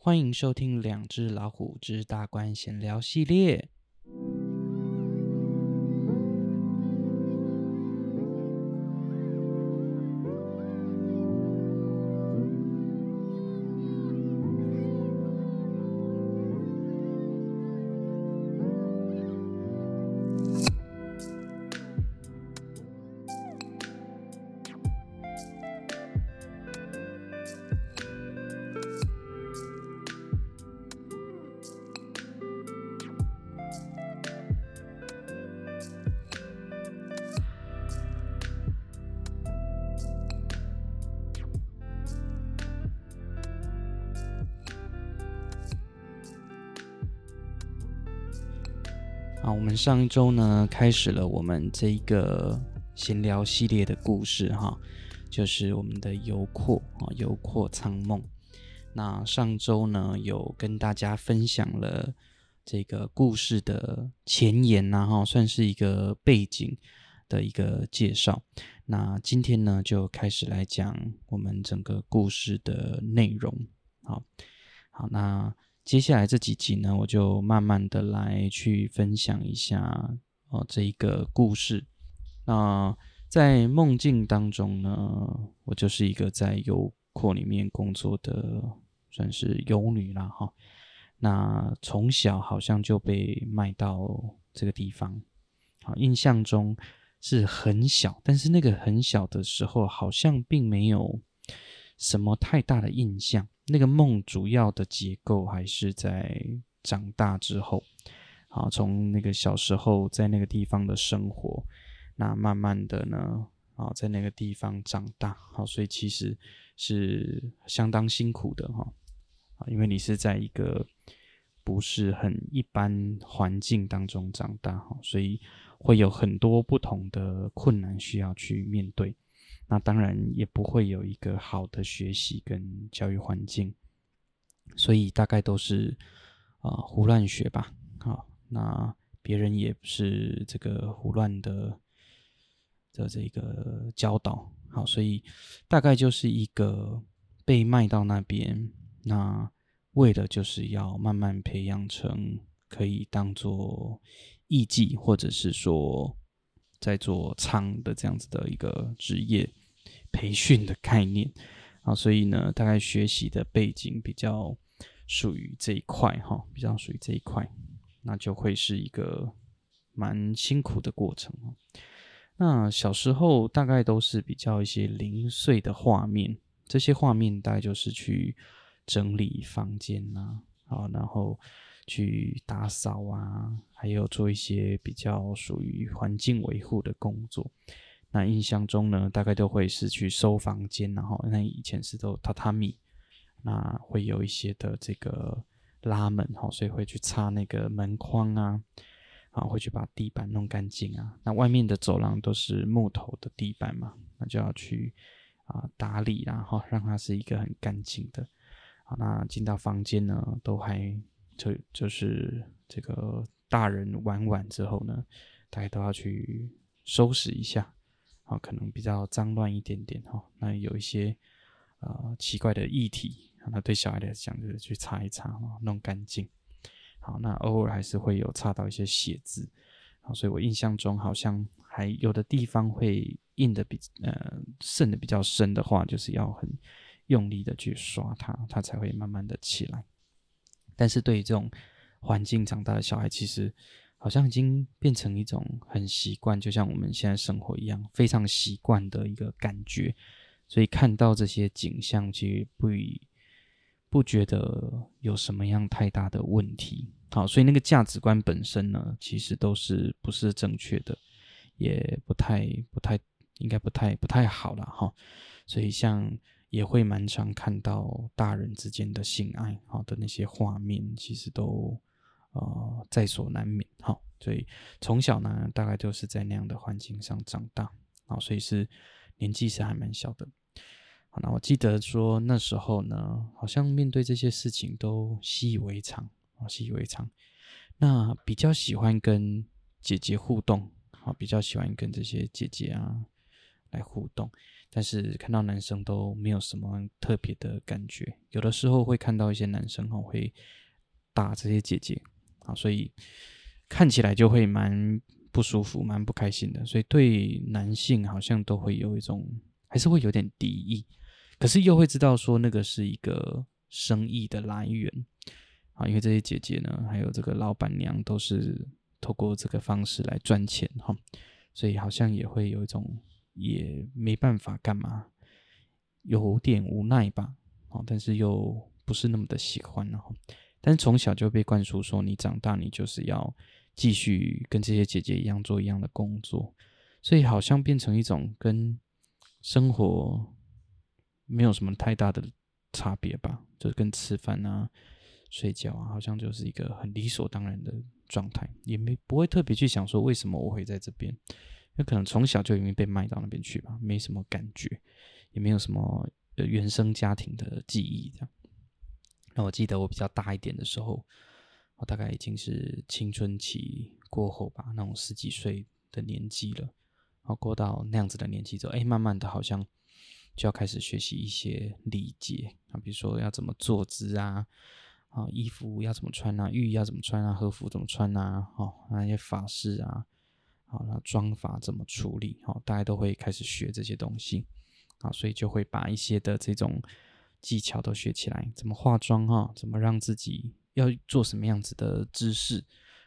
歡迎收聽《兩隻老虎之大官閒聊》系列。那我們上一周呢，開始了我們這一個閒聊系列的故事哈，就是我們的遊廓啊，遊廓娼夢。那上周呢，有跟大家分享了這個故事的前言，啊，然後算是一個背景的一個介紹。那今天呢，就開始來講我們整個故事的內容。好好，那。接下來這幾集呢，我就慢慢的來去分享一下哦，這一個故事。那、呃、在夢境當中呢，我就是一個在遊廓裡面工作的，算是遊女啦。哈、哦，那從小好像就被賣到這個地方，好、哦，印象中是很小，但是那個很小的時候，好像並沒有什麼太大的印象。那個夢主要的結構還是在長大之後，啊，從那個小時候在那個地方的生活，那慢慢的呢，啊，在那個地方長大，好，所以其實是相當辛苦的哈，啊，因為你是在一個不是很一般環境當中長大哈，所以會有很多不同的困難需要去面對。那當然也不會有一個好的學習跟教育環境，所以大概都是啊、呃、胡亂學吧。好，那別人也是這個胡亂的的這個教導。好，所以大概就是一個被賣到那邊，那為了就是要慢慢培養成可以當做藝妓，或者是說。在做娼的這樣子的一個職業培訓的概念啊，所以呢，大概學習的背景比較屬於這一塊哈，比較屬於這一塊，那就會是一個蠻辛苦的過程。那小時候大概都是比較一些零碎的畫面，這些畫面大概就是去整理房間吶，啊，啊，然後。去打掃啊，還有做一些比較屬於環境維護的工作。那印象中呢，大概都會是去收房間啊，然後那以前是都榻榻米，那會有一些的這個拉門哈，所以會去擦那個門框啊，啊會去把地板弄乾淨啊。那外面的走廊都是木頭的地板嘛，那就要去啊打理啦哈，然後讓它是一個很乾淨的。好，那進到房間呢，都還。就就是這個大人玩完之後呢，大家都要去收拾一下，好、哦，可能比較髒亂一點點哈、哦。那有一些呃奇怪的液體，那對小孩來講就是去擦一擦哈、哦，弄乾淨。好，那偶爾還是會有擦到一些血漬，啊、哦，所以我印象中好像還有的地方會印的比呃滲的比較深的話，就是要很用力的去刷它，它才會慢慢的起來。但是，對於這種環境長大的小孩，其實好像已經變成一種很習慣，就像我們現在生活一樣，非常習慣的一個感覺。所以看到這些景象，其實不以不覺得有什麼樣太大的問題。好，所以那個價值觀本身呢，其實都是不是正確的，也不太不太應該不太不太好了。哈，所以像。也會蠻常看到大人之間的性愛，好、哦、的那些畫面，其實都呃在所難免、哦，所以從小呢，大概就是在那樣的環境上長大、哦，所以是年紀是還蠻小的，好，那我記得說那時候呢，好像面對這些事情都習以為常，啊、哦、習以為常，那比較喜歡跟姐姐互動，好、哦，比較喜歡跟這些姐姐啊來互動。但是看到男生都沒有什麼特別的感覺，有的時候會看到一些男生哈會打這些姐姐啊，所以看起來就會蠻不舒服、蠻不開心的。所以對男性好像都會有一種，還是會有點敵意，可是又會知道說那個是一個生意的來源啊，因為這些姐姐呢，還有這個老闆娘都是透過這個方式來賺錢哈，所以好像也會有一種。也沒辦法幹嘛，有點無奈吧。但是又不是那麼的喜歡。然後，但是從小就被灌輸說，你長大你就是要繼續跟這些姐姐一樣做一樣的工作，所以好像變成一種跟生活沒有什麼太大的差別吧。就是跟吃飯啊、睡覺啊，好像就是一個很理所當然的狀態，也沒不會特別去想說為什麼我會在這邊。那可能從小就已經被賣到那邊去吧，沒什麼感覺，也沒有什麼原生家庭的記憶這樣。那我記得我比較大一點的時候，我大概已經是青春期過後吧，那種十幾歲的年紀了。然後過到那樣子的年紀之後，哎、欸，慢慢的好像就要開始學習一些禮節啊，比如說要怎麼坐姿啊，啊，衣服要怎麼穿啊，浴衣要怎麼穿啊，和服怎麼穿啊，哦，那些髮飾啊。好，那妝髮怎麼處理？好、哦，大家都會開始學這些東西啊，所以就會把一些的這種技巧都學起來。怎麼化妝、哦？哈，怎麼讓自己要做什麼樣子的姿勢？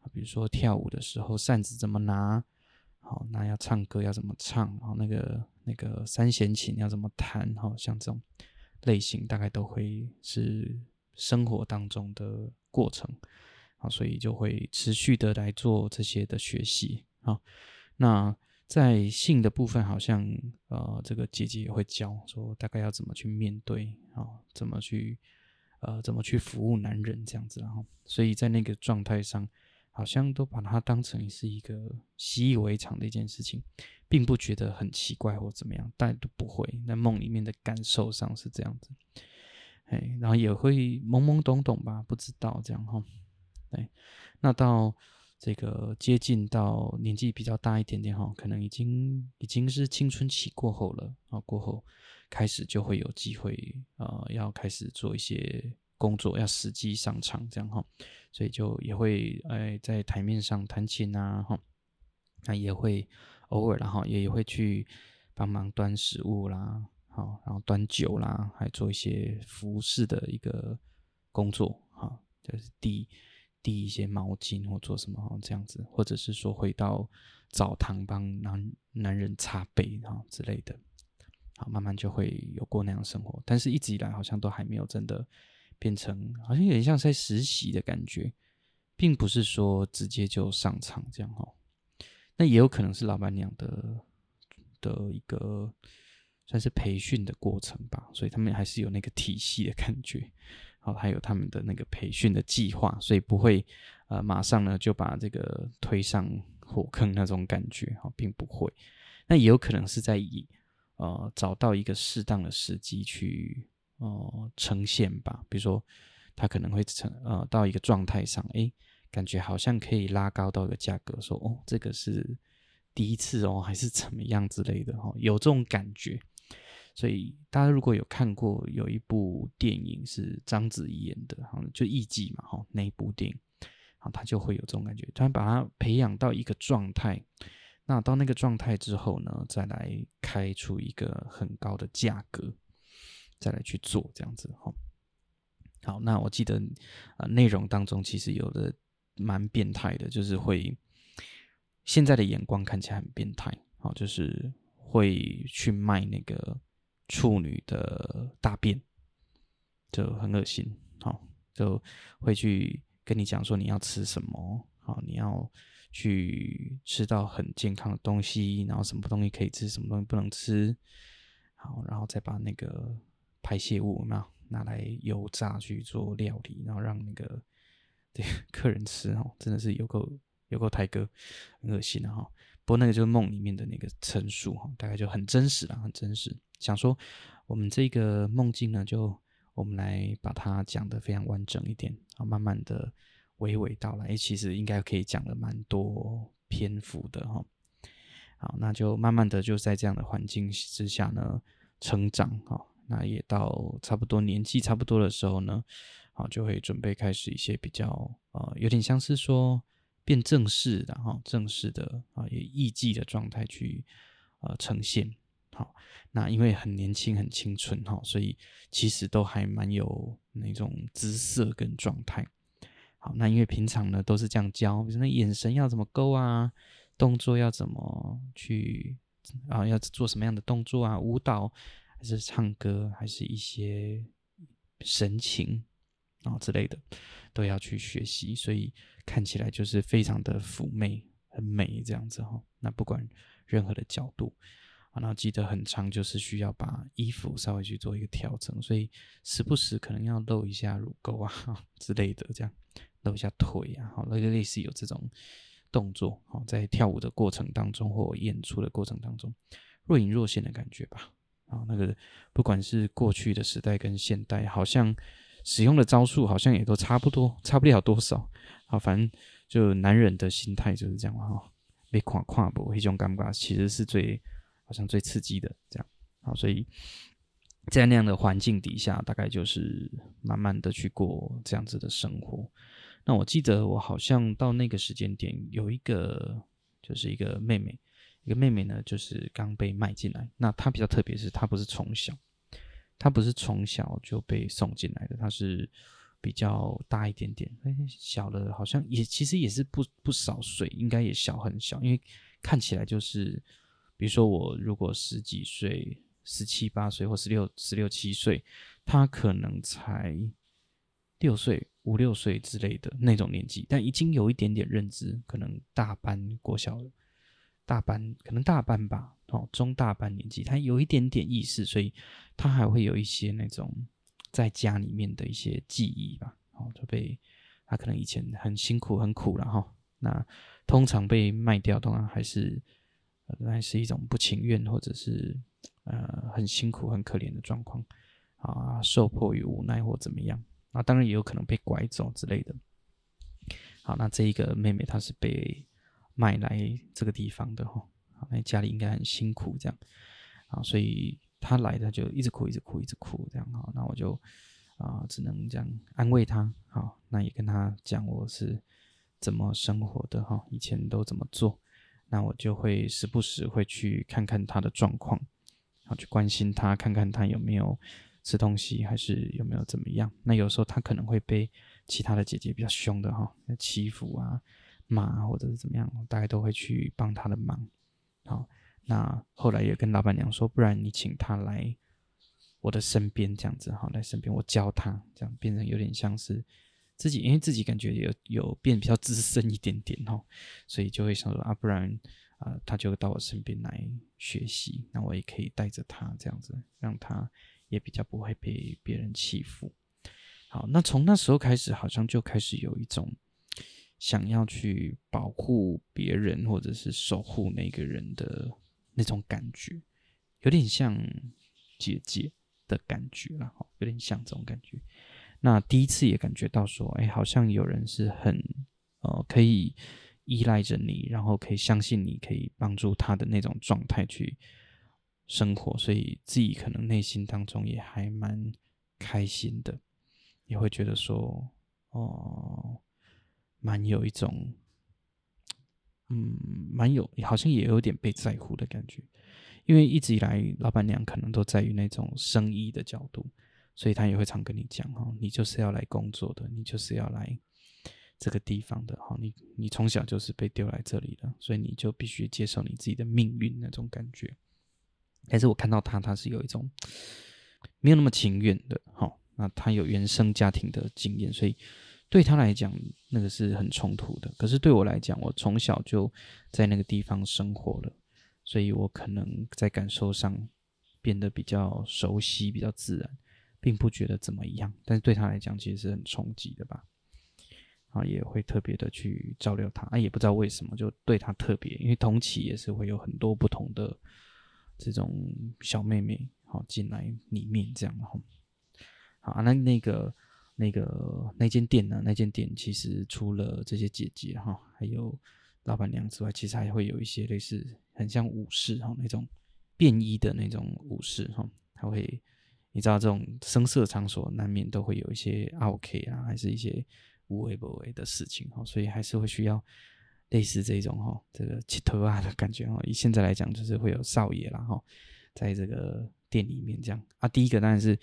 啊，比如說跳舞的時候扇子怎麼拿？好，那要唱歌要怎麼唱？好，那個那個三弦琴要怎麼彈？哈、哦，像這種類型大概都會是生活當中的過程啊，所以就會持續的來做這些的學習。好，那在性的部分，好像呃，這個姐姐也會教說大概要怎麼去面對啊、哦，怎麼去呃，怎麼去服務男人這樣子，哦，然後所以在那個狀態上，好像都把它當成是一個習以為常的一件事情，並不覺得很奇怪或怎麼樣，但都不會。那夢裡面的感受上是這樣子，哎，然後也會懵懵懂懂吧，不知道這樣哈，哎、哦，那到。這個接近到年紀比較大一點點哈，可能已經已經是青春期過後了啊，過後開始就會有機會呃，要開始做一些工作，要實際上場這樣哈，所以就也會哎在台面上彈琴啊哈，那也會偶爾，然後也會去幫忙端食物啦，好，然後端酒啦，還做一些服侍的一個工作哈，這是第一。遞一些毛巾或做什麼好，這樣子，或者是說回到澡堂幫男男人擦背哈之類的，好，慢慢就會有過那樣的生活，但是一直以來好像都還沒有真的變成，好像有點像在實習的感覺，並不是說直接就上場這樣哈。那也有可能是老闆娘的的一個算是培訓的過程吧，所以他們還是有那個體系的感覺。哦，還有他們的那個培訓的計劃，所以不會，呃，馬上呢就把這個推上火坑那種感覺，哦，並不會。那也有可能是在以，呃，找到一個適當的時機去，哦，呃，呈現吧。比如說，他可能會成，呃，到一個狀態上，誒，感覺好像可以拉高到一個價格，說，哦，這個是第一次哦，還是怎麼樣之類的，哦，有這種感覺。所以大家如果有看過有一部電影是章子怡演的，就《藝妓》嘛，哈，那一部電影，好，他就會有這種感覺，他把它培養到一個狀態，那到那個狀態之後呢，再來開出一個很高的價格，再來去做這樣子，哈，好，那我記得啊，內容當中其實有的蠻變態的，就是會現在的眼光看起來很變態，好，就是會去賣那個。處女的大便就很惡心，好、哦、就會去跟你講說，你要吃什麼、哦，你要去吃到很健康的東西，然後什麼東西可以吃，什麼東西不能吃，好，然後再把那個排泄物拿拿來油炸去做料理，然後讓那個對客人吃，哦，真的是有夠有夠台哥，很惡心的、啊、哈。那個就是夢裡面的那個陳述哈，大概就很真實了，很真實。想說我們這個夢境呢，就我們來把它講得非常完整一點，慢慢的娓娓道來，欸。其實應該可以講了蠻多篇幅的哈。好，那就慢慢的就在這樣的環境之下呢，成長哈。那也到差不多年紀差不多的時候呢，好，就會準備開始一些比較呃，有點像是說。變正式的哈，正式的啊，以藝妓的狀態去呃呈現好。那因為很年輕很青春哈，所以其實都還蠻有那種姿色跟狀態。好，那因為平常呢都是這樣教，比如說那眼神要怎麼勾啊，動作要怎麼去啊，要做什麼樣的動作啊，舞蹈還是唱歌，還是一些神情，然後之類的都要去學習，所以看起來就是非常的嫵媚，很美這樣子哈。那不管任何的角度啊，那記得很長，就是需要把衣服稍微去做一個調整，所以時不時可能要露一下乳溝啊之類的，這樣露一下腿啊，好，那個類似有這種動作哈，在跳舞的過程當中或演出的過程當中，若隱若現的感覺吧。啊，那個不管是過去的時代跟現代，好像。使用的招數好像也都差不多，差不了多少。好，反正就男人的心態就是這樣嘛，哈，被跨跨過一種尷尬，其實是最好像最刺激的這樣。好，所以在那樣的環境底下，大概就是慢慢的去過這樣子的生活。那我記得我好像到那個時間點，有一個就是一個妹妹，一個妹妹呢，就是剛被賣進來。那她比較特別，是她不是從小。他不是從小就被送進來的，他是比較大一點點。哎、欸，小的好像也其實也是不不少歲，應該也小很小，因為看起來就是，比如說我如果十幾歲、十七八歲或十六十六七歲，他可能才六歲、五六歲之類的那種年紀，但已經有一點點認知，可能大班過小了。大班，可能大班吧，哦，中大班年紀，他有一點點意識，所以他還會有一些那種在家裡面的一些記憶吧，哦，就被他、啊、可能以前很辛苦很苦了哈、哦，那通常被賣掉，通常還是那、呃、是一種不情願或者是呃很辛苦很可憐的狀況啊，受迫於無奈或怎麼樣，那、啊、當然也有可能被拐走之類的。好，那這一個妹妹她是被。買來這個地方的哈，那家裡應該很辛苦這樣，啊，所以他來的就一直哭，一直哭，一直哭這樣哈。那我就啊，只能這樣安慰他，好，那也跟他講我是怎麼生活的哈，以前都怎麼做。那我就會時不時會去看看他的狀況，然後去關心他，看看他有沒有吃東西，還是有沒有怎麼樣。那有時候他可能會被其他的姐姐比較兇的哈欺負啊。媽，或者是怎麼樣，大概都會去幫他的忙。好，那後來也跟老闆娘說，不然你請他來我的身邊，這樣子哈，來身邊我教他，這樣變成有點像是自己，因為自己感覺有有變比較資深一點點哦，所以就會想說啊，不然啊，他、呃、就到我身邊來學習，那我也可以帶着他這樣子，讓他也比較不會被別人欺負。好，那從那時候開始，好像就開始有一種。想要去保護別人，或者是守護那個人的那種感覺，有點像姐姐的感覺，有點像這種感覺。那第一次也感覺到說，哎、欸，好像有人是很呃可以依賴着你，然後可以相信你，可以幫助他的那種狀態去生活，所以自己可能內心當中也還蠻開心的，也會覺得說，哦。蠻有一種，嗯，蠻有好像也有點被在乎的感覺，因為一直以來老闆娘可能都在於那種生意的角度，所以她也會常跟你講哈、哦，你就是要來工作的，你就是要來這個地方的，哦、你你從小就是被丟來這裡的，所以你就必須接受你自己的命運那種感覺。但是，我看到她，她是有一種沒有那麼情願的，好、哦，那她有原生家庭的經驗，所以。對他來講，那個是很衝突的。可是對我來講，我從小就在那個地方生活了，所以我可能在感受上變得比較熟悉、比較自然，並不覺得怎麼樣。但是對他來講，其實是很衝擊的吧？啊，也會特別的去照料他啊，也不知道為什麼就對他特別。因為同期也是會有很多不同的這種小妹妹，好、啊、進來裡面這樣。好，好，那那個。那個那間店呢？那間店其實除了這些姐姐哈，還有老板娘之外，其實還會有一些類似很像武士哈那種便衣的那種武士哈，他會你知道這種聲色場所難免都會有一些 OK 啊，還是一些無微不為的事情哈，所以還是會需要類似這種哈這個乞頭啊的感覺哈。以現在來講，就是會有少爺啦哈，在這個店裡面這樣啊。第一個當然是。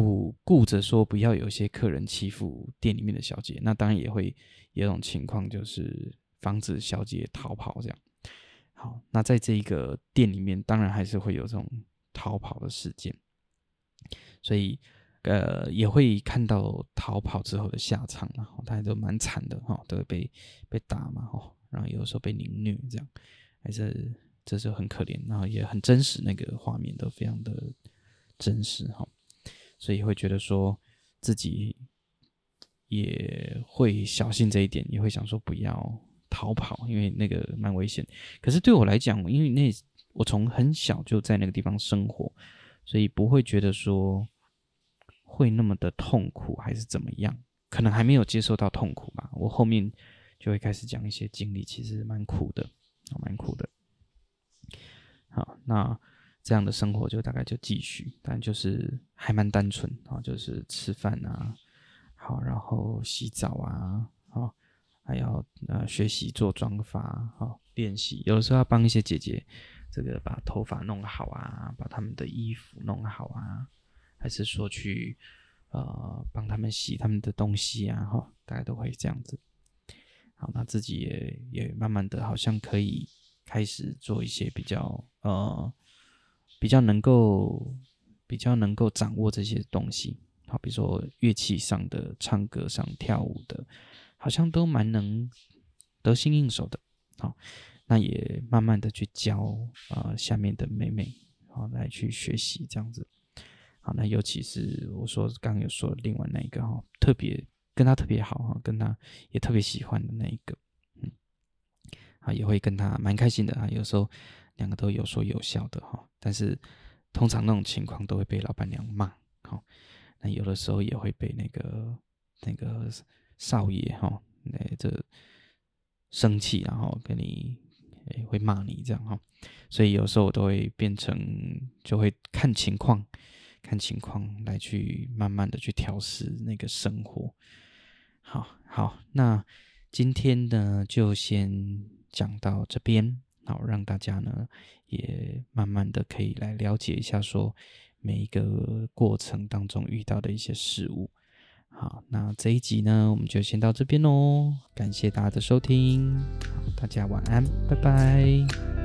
顧顧着說，不要有些客人欺負店裡面的小姐，那當然也會有一種情況，就是防止小姐逃跑這樣。好，那在這個店裡面，當然還是會有這種逃跑的事件，所以呃也會看到逃跑之後的下場，然後大家都蠻慘的哈、哦，都會被被打嘛、哦，然後有時候被凌虐這樣，還是這是很可憐，然後也很真實，那個畫面都非常的真實哈。哦所以會覺得說，自己也會小心這一點，也會想說不要逃跑，因為那個蠻危險。可是對我來講，因為那我從很小就在那個地方生活，所以不會覺得說會那麼的痛苦還是怎麼樣，可能還沒有接受到痛苦吧。我後面就會開始講一些經歷，其實蠻苦的，蠻苦的。好，那。這樣的生活就大概就繼續，但就是還蠻單純啊、哦，就是吃飯啊，好，然後洗澡啊，好、哦，還要呃學習做妝髮，好、哦，練習，有的時候要幫一些姐姐這個把頭髮弄好啊，把她們的衣服弄好啊，還是說去呃幫他們洗他們的東西啊，哈、哦，大概都會這樣子，好，那自己也也慢慢的，好像可以開始做一些比較呃。比較能夠比較能夠掌握這些東西，好，比如說樂器上的、唱歌上、跳舞的，好像都蠻能得心應手的。好，那也慢慢的去教啊、呃、下面的妹妹，好來去學習這樣子。好，那尤其是我說剛剛有說的另外那一個哈，特別跟她特別好，跟她也特別喜歡的那一個，嗯，啊也會跟她蠻開心的啊，有時候。兩個都有說有笑的哈，但是通常那種情況都會被老闆娘罵，好，那有的時候也會被那個那個少爺哈，那這個、生氣，然後跟你、欸、會罵你這樣哈，所以有時候我都會變成就會看情況，看情況來去慢慢的去調適那個生活，好好，那今天呢就先講到這邊。好，讓大家呢也慢慢的可以來了解一下，說每一個過程當中遇到的一些事物。好，那這一集呢，我們就先到這邊嘍。感謝大家的收聽，大家晚安，拜拜。